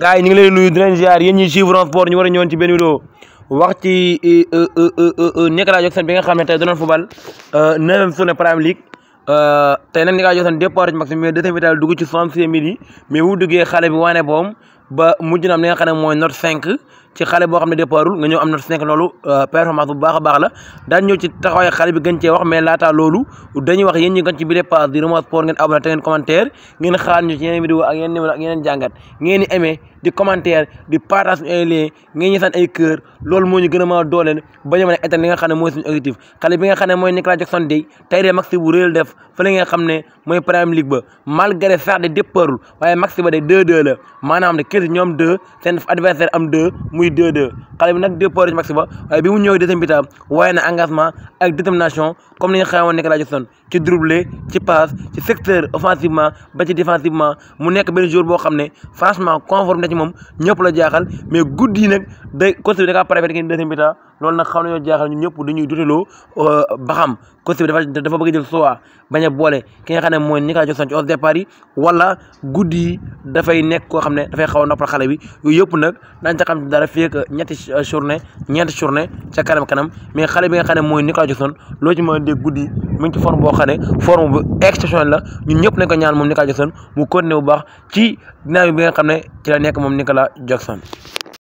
gars yi ñu ngi lay nuyu di leen ziar yéen ñuy suivre en sport ñu war a ñëwoon ci benn vidéo wax ci euh, euh, euh, Nicolas Jackson bi nga xam ne tey doon football neuvième journée Premier League tey nag Nicolas Jackson départ ci maximum mais deuxième daal dugg ci soixante-six mille yi mais bu duggee xale bi waane boom ba mujj na am li nga xam ne mooy note cinq ci xale bo xam ne départul nga ñëw amna na su nekk loolu euh, performance bu baaxa baax la daan ñëw ci taxaway xale bi gën ci wax mais laata lolu dañuy wax yeen ñi gën ci bi départ di remote Sport ngeen abonné ngeen commentaire ngeen xaar ñu ci yeen vidéo ak yeneen numéro ak yeen jangat ngeen ni aimé di commentaire di partage ay lien ngeen ñi san ay cœur lolu moo ñu gën a mën a dooleel ba ñu mën état li nga xam moy suñu objectif xale bi nga xam moy mooy Nicolas Jackson Dey tey de maxi bu reul def fa la nga xam moy mooy Premier League ba malgré faire de départul waye maxi ba de 2-2 la manam de kër ñom 2 sen adversaire am 2 muy 2-2 xale bi nag départ ci max waaye bi mu ñëwee deuxième bi-temps waaye na engagement ak détermination comme ni nga xamee woon nekk laa ci dribbler ci passe ci secteur offensivement ba ci défensivement mu nekk benn jour boo xam ne franchement conforme na ci moom ñëpp la jaaxal mais guddi yi nag day côté bi da kaa préféré ba deuxième bi-temps loolu nag xam nañoo jaaxal ñun ñëpp dañuy duteloo euh, baxam coach bi dafa dafa bëgg jël Soa bañ a boole ki nga xam ne mooy Nicolas Jackson ci os départ yi wala guddi yi dafay nekk koo xam ne dafay xaw a noppal xale bi yooyu nag dañ ca xam dara fii ñetti euh, journée ñeenti journée ca kanam kanam mais xale bi nga xam ne mooy Nicolas Jackson loo ci mën a dégg guddi mu ngi ci forme boo xam ne forme bu exceptionnelle la ñun ñëpp nañ ko ñaan moom Nicolas Jackson mu continuer bu baax ci dynamique xam ne ci la nekk moom Nicolas Jackson